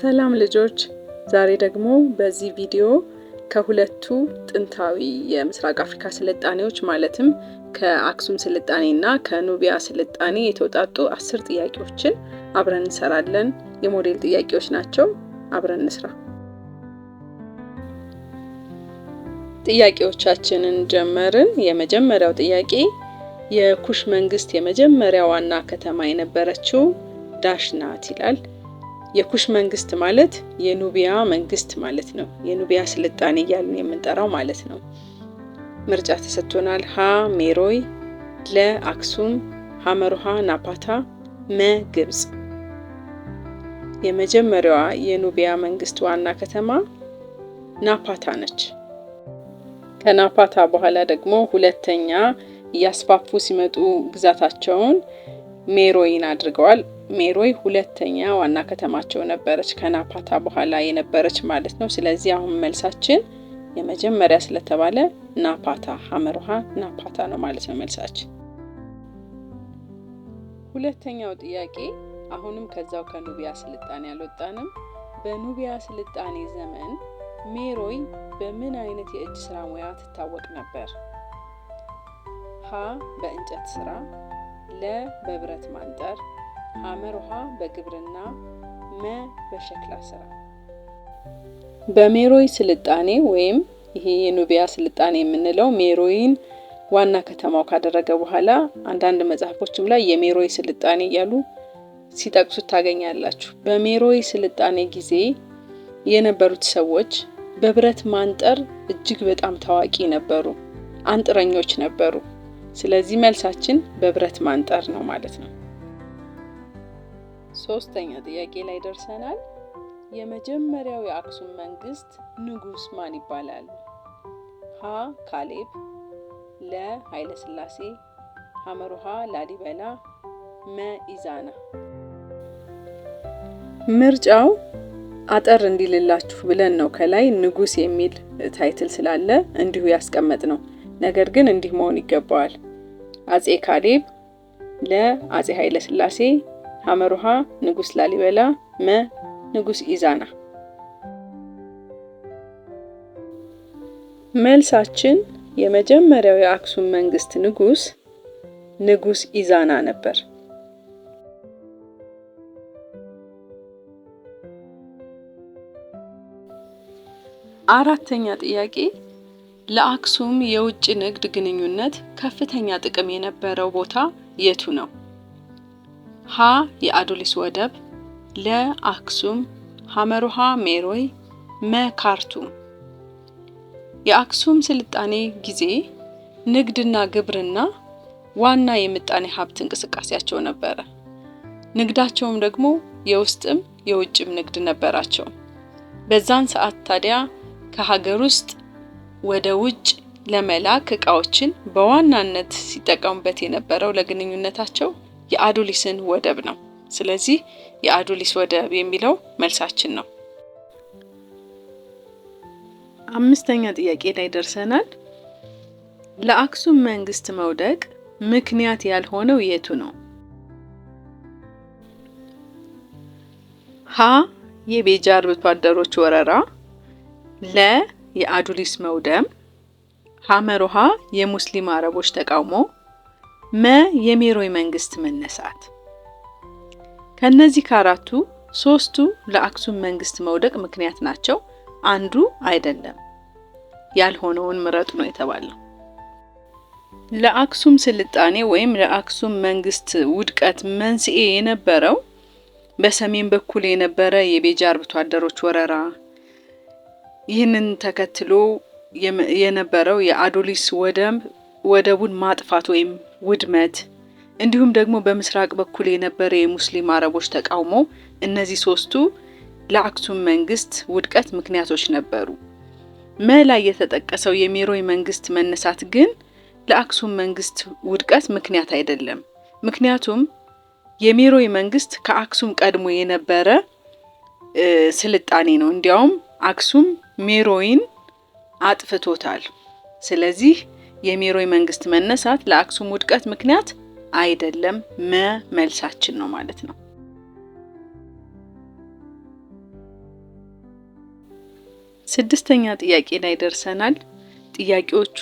ሰላም ልጆች፣ ዛሬ ደግሞ በዚህ ቪዲዮ ከሁለቱ ጥንታዊ የምስራቅ አፍሪካ ስልጣኔዎች ማለትም ከአክሱም ስልጣኔ እና ከኑቢያ ስልጣኔ የተውጣጡ አስር ጥያቄዎችን አብረን እንሰራለን። የሞዴል ጥያቄዎች ናቸው። አብረን እንስራ። ጥያቄዎቻችንን ጀመርን። የመጀመሪያው ጥያቄ የኩሽ መንግስት የመጀመሪያ ዋና ከተማ የነበረችው ዳሽ ናት ይላል። የኩሽ መንግስት ማለት የኑቢያ መንግስት ማለት ነው። የኑቢያ ስልጣኔ እያልን የምንጠራው ማለት ነው። ምርጫ ተሰጥቶናል። ሀ ሜሮይ፣ ለ አክሱም፣ ሐመሩሃ ናፓታ፣ መ ግብጽ። የመጀመሪያዋ የኑቢያ መንግስት ዋና ከተማ ናፓታ ነች። ከናፓታ በኋላ ደግሞ ሁለተኛ እያስፋፉ ሲመጡ ግዛታቸውን ሜሮይን አድርገዋል። ሜሮይ ሁለተኛ ዋና ከተማቸው ነበረች፣ ከናፓታ በኋላ የነበረች ማለት ነው። ስለዚህ አሁን መልሳችን የመጀመሪያ ስለተባለ ናፓታ ሀመርሃ ናፓታ ነው ማለት ነው መልሳችን። ሁለተኛው ጥያቄ አሁንም ከዛው ከኑቢያ ስልጣኔ አልወጣንም። በኑቢያ ስልጣኔ ዘመን ሜሮይ በምን አይነት የእጅ ስራ ሙያ ትታወቅ ነበር? ሀ በእንጨት ስራ፣ ለ በብረት ማንጠር፣ ሐመር ውሃ በግብርና መ በሸክላ ስራ። በሜሮይ ስልጣኔ ወይም ይሄ የኑቢያ ስልጣኔ የምንለው ሜሮይን ዋና ከተማው ካደረገ በኋላ አንዳንድ መጽሐፎችም ላይ የሜሮይ ስልጣኔ እያሉ ሲጠቅሱት ታገኛላችሁ። በሜሮይ ስልጣኔ ጊዜ የነበሩት ሰዎች በብረት ማንጠር እጅግ በጣም ታዋቂ ነበሩ፣ አንጥረኞች ነበሩ። ስለዚህ መልሳችን በብረት ማንጠር ነው ማለት ነው። ሶስተኛ ጥያቄ ላይ ደርሰናል። የመጀመሪያው የአክሱም መንግስት ንጉስ ማን ይባላል? ሀ ካሌብ፣ ለ ኃይለ ስላሴ፣ ሐመሩሃ ላሊበላ፣ መ ኢዛና። ምርጫው አጠር እንዲልላችሁ ብለን ነው ከላይ ንጉስ የሚል ታይትል ስላለ እንዲሁ ያስቀመጥ ነው። ነገር ግን እንዲህ መሆን ይገባዋል። አጼ ካሌብ ለ አጼ ኃይለ ሐመሩሃ ንጉስ ላሊበላ መ ንጉስ ኢዛና። መልሳችን የመጀመሪያው የአክሱም መንግስት ንጉስ ንጉስ ኢዛና ነበር። አራተኛ ጥያቄ ለአክሱም የውጭ ንግድ ግንኙነት ከፍተኛ ጥቅም የነበረው ቦታ የቱ ነው? ሀ የአዶሊስ ወደብ፣ ለ አክሱም፣ ሐመሩሃ ሜሮይ፣ መ ካርቱም። የአክሱም ስልጣኔ ጊዜ ንግድና ግብርና ዋና የምጣኔ ሀብት እንቅስቃሴያቸው ነበረ። ንግዳቸውም ደግሞ የውስጥም የውጭም ንግድ ነበራቸው። በዛን ሰዓት ታዲያ ከሀገር ውስጥ ወደ ውጭ ለመላክ እቃዎችን በዋናነት ሲጠቀሙበት የነበረው ለግንኙነታቸው የአዱሊስን ወደብ ነው። ስለዚህ የአዱሊስ ወደብ የሚለው መልሳችን ነው። አምስተኛ ጥያቄ ላይ ደርሰናል። ለአክሱም መንግስት መውደቅ ምክንያት ያልሆነው የቱ ነው? ሀ የቤጃ አርብቶ አደሮች ወረራ፣ ለ የአዱሊስ መውደም፣ ሐመሮሃ የሙስሊም አረቦች ተቃውሞ መ የሜሮይ መንግስት መነሳት። ከነዚህ ከአራቱ ሶስቱ ለአክሱም መንግስት መውደቅ ምክንያት ናቸው። አንዱ አይደለም። ያልሆነውን ምረጡ ነው የተባለው። ለአክሱም ስልጣኔ ወይም ለአክሱም መንግስት ውድቀት መንስኤ የነበረው በሰሜን በኩል የነበረ የቤጃ አርብቶ አደሮች ወረራ፣ ይህንን ተከትሎ የነበረው የአዶሊስ ወደብ ወደቡን ማጥፋት ወይም ውድመት እንዲሁም ደግሞ በምስራቅ በኩል የነበረ የሙስሊም አረቦች ተቃውሞ፣ እነዚህ ሶስቱ ለአክሱም መንግስት ውድቀት ምክንያቶች ነበሩ። መላይ ላይ የተጠቀሰው የሜሮይ መንግስት መነሳት ግን ለአክሱም መንግስት ውድቀት ምክንያት አይደለም። ምክንያቱም የሜሮይ መንግስት ከአክሱም ቀድሞ የነበረ ስልጣኔ ነው። እንዲያውም አክሱም ሜሮይን አጥፍቶታል። ስለዚህ የሜሮይ መንግስት መነሳት ለአክሱም ውድቀት ምክንያት አይደለም መመልሳችን ነው ማለት ነው። ስድስተኛ ጥያቄ ላይ ደርሰናል። ጥያቄዎቹ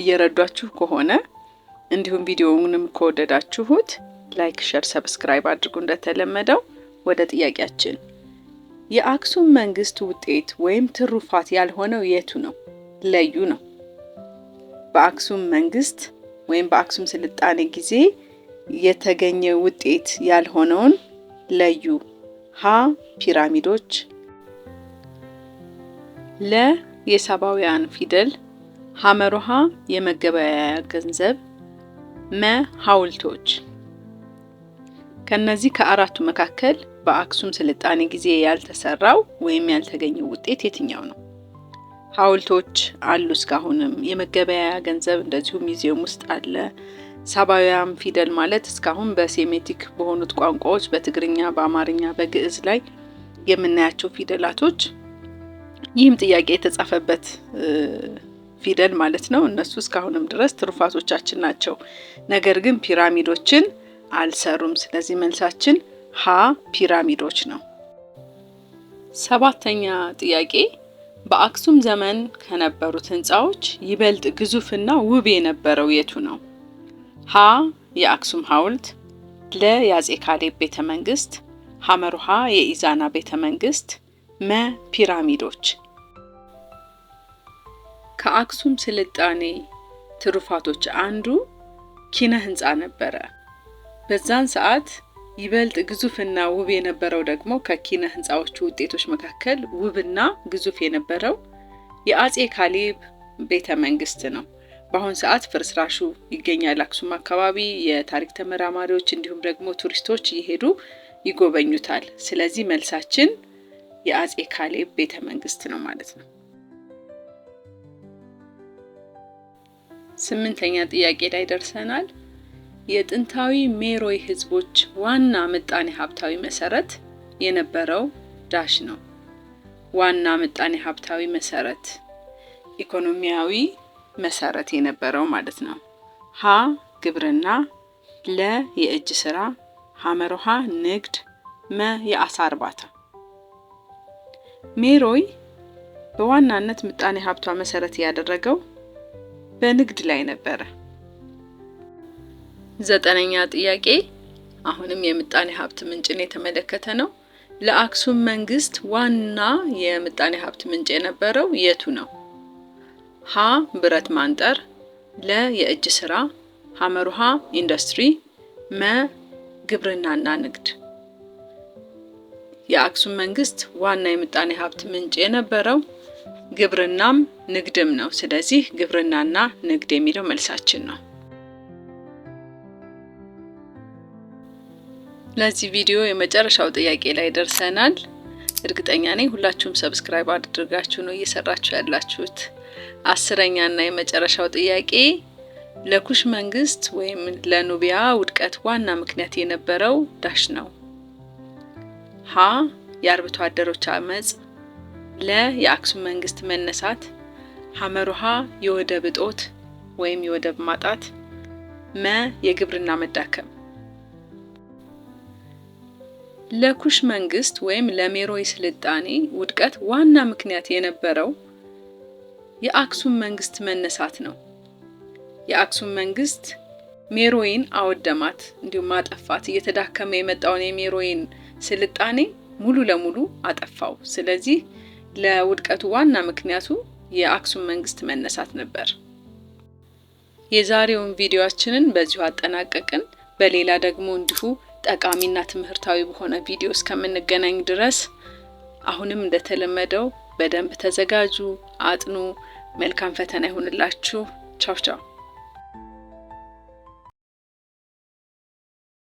እየረዷችሁ ከሆነ እንዲሁም ቪዲዮውንም ከወደዳችሁት ላይክ፣ ሸር፣ ሰብስክራይብ አድርጉ። እንደተለመደው ወደ ጥያቄያችን የአክሱም መንግስት ውጤት ወይም ትሩፋት ያልሆነው የቱ ነው? ለዩ ነው። በአክሱም መንግስት ወይም በአክሱም ስልጣኔ ጊዜ የተገኘ ውጤት ያልሆነውን ለዩ። ሀ ፒራሚዶች፣ ለ የሳባውያን ፊደል፣ ሐመሮሃ የመገበያያ ገንዘብ፣ መ ሐውልቶች። ከነዚህ ከአራቱ መካከል በአክሱም ስልጣኔ ጊዜ ያልተሰራው ወይም ያልተገኘው ውጤት የትኛው ነው? ሀውልቶች አሉ። እስካሁንም የመገበያያ ገንዘብ እንደዚሁ ሚዚየም ውስጥ አለ። ሳባውያን ፊደል ማለት እስካሁን በሴሜቲክ በሆኑት ቋንቋዎች በትግርኛ፣ በአማርኛ፣ በግዕዝ ላይ የምናያቸው ፊደላቶች ይህም ጥያቄ የተጻፈበት ፊደል ማለት ነው። እነሱ እስካሁንም ድረስ ትሩፋቶቻችን ናቸው። ነገር ግን ፒራሚዶችን አልሰሩም። ስለዚህ መልሳችን ሀ ፒራሚዶች ነው። ሰባተኛ ጥያቄ በአክሱም ዘመን ከነበሩት ህንፃዎች ይበልጥ ግዙፍና ውብ የነበረው የቱ ነው? ሀ የአክሱም ሐውልት፣ ለ የአጼ ካሌብ ቤተ መንግስት፣ ሐመሩሃ የኢዛና ቤተ መንግስት፣ መ ፒራሚዶች። ከአክሱም ስልጣኔ ትሩፋቶች አንዱ ኪነ ህንፃ ነበረ። በዛን ሰዓት ይበልጥ ግዙፍና ውብ የነበረው ደግሞ ከኪነ ህንፃዎቹ ውጤቶች መካከል ውብና ግዙፍ የነበረው የአጼ ካሌብ ቤተ መንግስት ነው። በአሁን ሰዓት ፍርስራሹ ይገኛል። አክሱም አካባቢ የታሪክ ተመራማሪዎች እንዲሁም ደግሞ ቱሪስቶች እየሄዱ ይጎበኙታል። ስለዚህ መልሳችን የአጼ ካሌብ ቤተ መንግስት ነው ማለት ነው። ስምንተኛ ጥያቄ ላይ ደርሰናል። የጥንታዊ ሜሮይ ህዝቦች ዋና ምጣኔ ሀብታዊ መሰረት የነበረው ዳሽ ነው። ዋና ምጣኔ ሀብታዊ መሰረት ኢኮኖሚያዊ መሰረት የነበረው ማለት ነው። ሀ ግብርና፣ ለ የእጅ ስራ፣ ሀመርሃ ንግድ፣ መ የአሳ እርባታ። ሜሮይ በዋናነት ምጣኔ ሀብቷ መሰረት ያደረገው በንግድ ላይ ነበረ። ዘጠነኛ ጥያቄ አሁንም የምጣኔ ሀብት ምንጭን የተመለከተ ነው። ለአክሱም መንግስት ዋና የምጣኔ ሀብት ምንጭ የነበረው የቱ ነው? ሀ ብረት ማንጠር፣ ለ የእጅ ስራ፣ ሀመሩሃ ኢንዱስትሪ፣ መ ግብርናና ንግድ። የአክሱም መንግስት ዋና የምጣኔ ሀብት ምንጭ የነበረው ግብርናም ንግድም ነው። ስለዚህ ግብርናና ንግድ የሚለው መልሳችን ነው። ለዚህ ቪዲዮ የመጨረሻው ጥያቄ ላይ ደርሰናል። እርግጠኛ ነኝ ሁላችሁም ሰብስክራይብ አድርጋችሁ ነው እየሰራችሁ ያላችሁት። አስረኛና የመጨረሻው ጥያቄ ለኩሽ መንግስት ወይም ለኑቢያ ውድቀት ዋና ምክንያት የነበረው ዳሽ ነው። ሀ የአርብቶ አደሮች አመፅ፣ ለ የአክሱም መንግስት መነሳት፣ ሐመሩሃ የወደብ እጦት ወይም የወደብ ማጣት፣ መ የግብርና መዳከም ለኩሽ መንግስት ወይም ለሜሮይ ስልጣኔ ውድቀት ዋና ምክንያት የነበረው የአክሱም መንግስት መነሳት ነው። የአክሱም መንግስት ሜሮይን አወደማት፣ እንዲሁም አጠፋት። እየተዳከመ የመጣውን የሜሮይን ስልጣኔ ሙሉ ለሙሉ አጠፋው። ስለዚህ ለውድቀቱ ዋና ምክንያቱ የአክሱም መንግስት መነሳት ነበር። የዛሬውን ቪዲዮችንን በዚሁ አጠናቀቅን። በሌላ ደግሞ እንዲሁ ጠቃሚና ትምህርታዊ በሆነ ቪዲዮ እስከምንገናኝ ድረስ አሁንም እንደተለመደው በደንብ ተዘጋጁ፣ አጥኑ። መልካም ፈተና ይሁንላችሁ። ቻው ቻው።